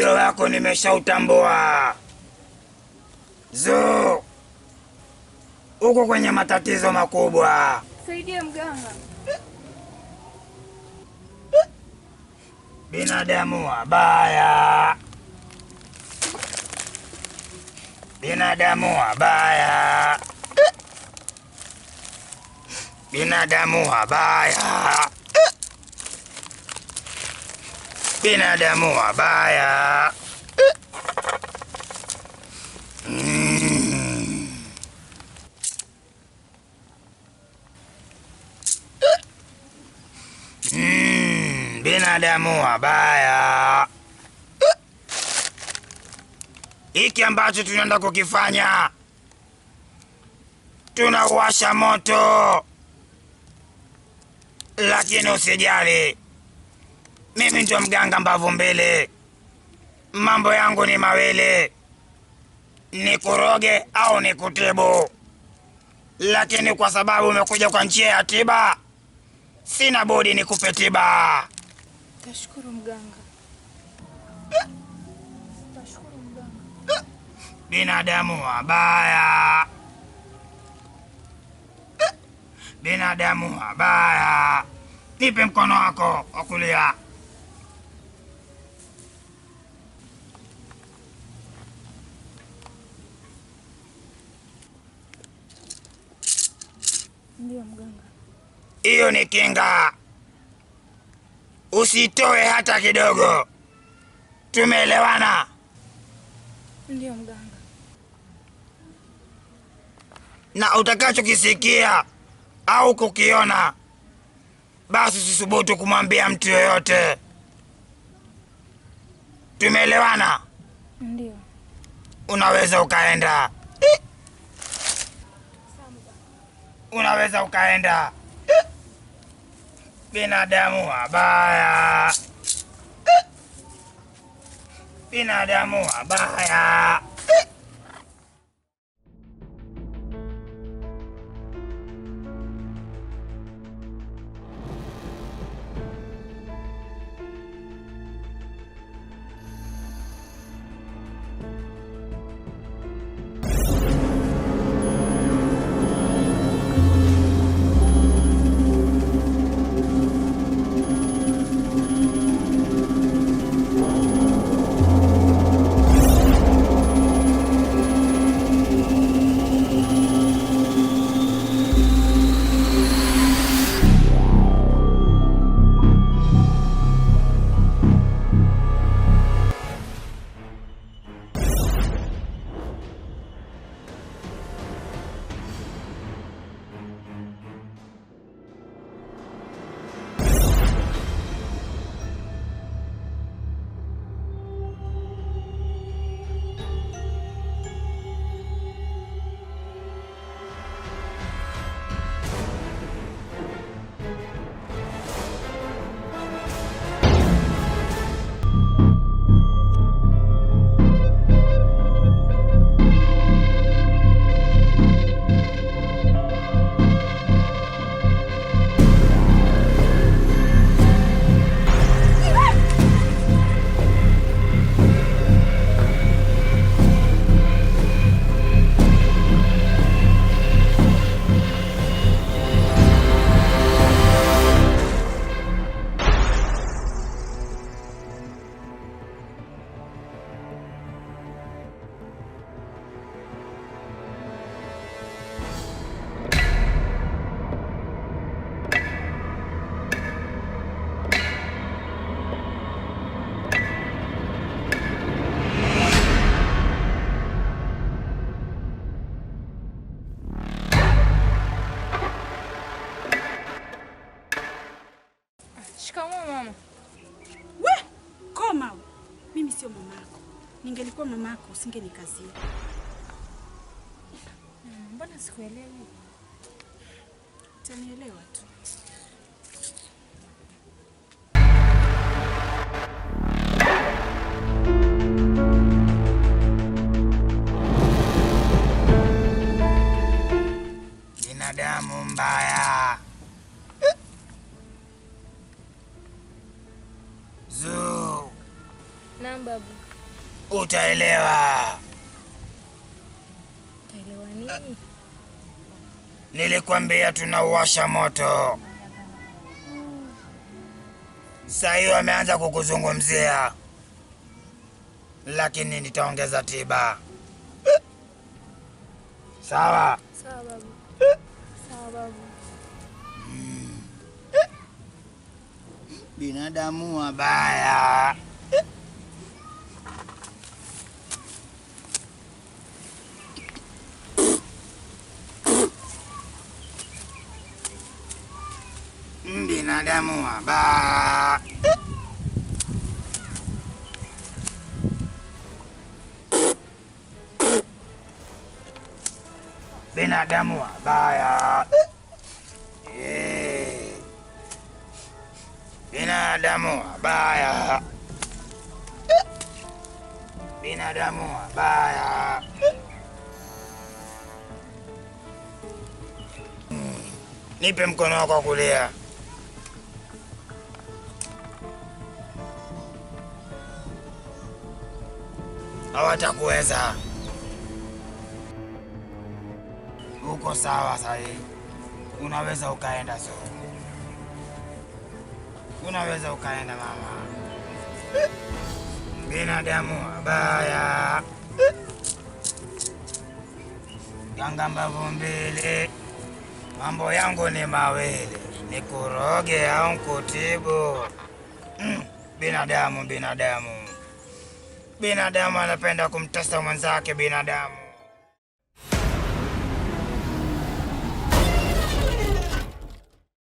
ujio wako nimeshautambua. zo uko kwenye matatizo makubwa. Saidie mganga. Binadamu wabaya, binadamu wabaya, binadamu wabaya. binadamu wabaya. Mm, binadamu wabaya. Hiki ambacho tunaenda kukifanya, tunauwasha moto, lakini usijali. Mimi ndio mganga mbavu mbili, mambo yangu ni ni nikuroge au nikutibu. Lakini kwa sababu umekuja kwa njia ya tiba, sina budi nikupe tiba. Tashukuru mganga. Tashukuru mganga. Binadamu wabaya, binadamu wabaya. Nipe mkono wako wa kulia. hiyo ni kinga, usitoe hata kidogo. Tumeelewana? Ndio mganga. Na utakachokisikia au kukiona, basi usisubutu kumwambia mtu yoyote. Tumeelewana? Ndio. Unaweza ukaenda. Unaweza ukaenda. binadamu bahaya binadamu eh. bahaya Koma oh, mimi sio mamako. Ningelikuwa mamako usingenikazia. Hmm, mbona sikuelewi? Utanielewa tu. Binadamu mbaya. Zuri. Utafahamu babu, utaelewa. Utaelewa nini? Eh, nilikwambia tunauwasha moto. Saa hiyo ameanza kukuzungumzia, lakini nitaongeza tiba. Eh. Sawa sawa babu, eh. sawa babu. Hmm. Binadamu wabaya Anadamua ba binadamu wabaya, eh. binadamu wabaya, binadamu wabaya. Hmm. Nipe mkono wako kulia. hawatakuweza. Uko sawa sahi, unaweza ukaenda. So unaweza ukaenda mama. Binadamu abaya ganga mbavu mbili, mambo yangu ni mawili, nikuroge au nkutibu. Mm, binadamu, binadamu Binadamu anapenda kumtesa mwenzake binadamu.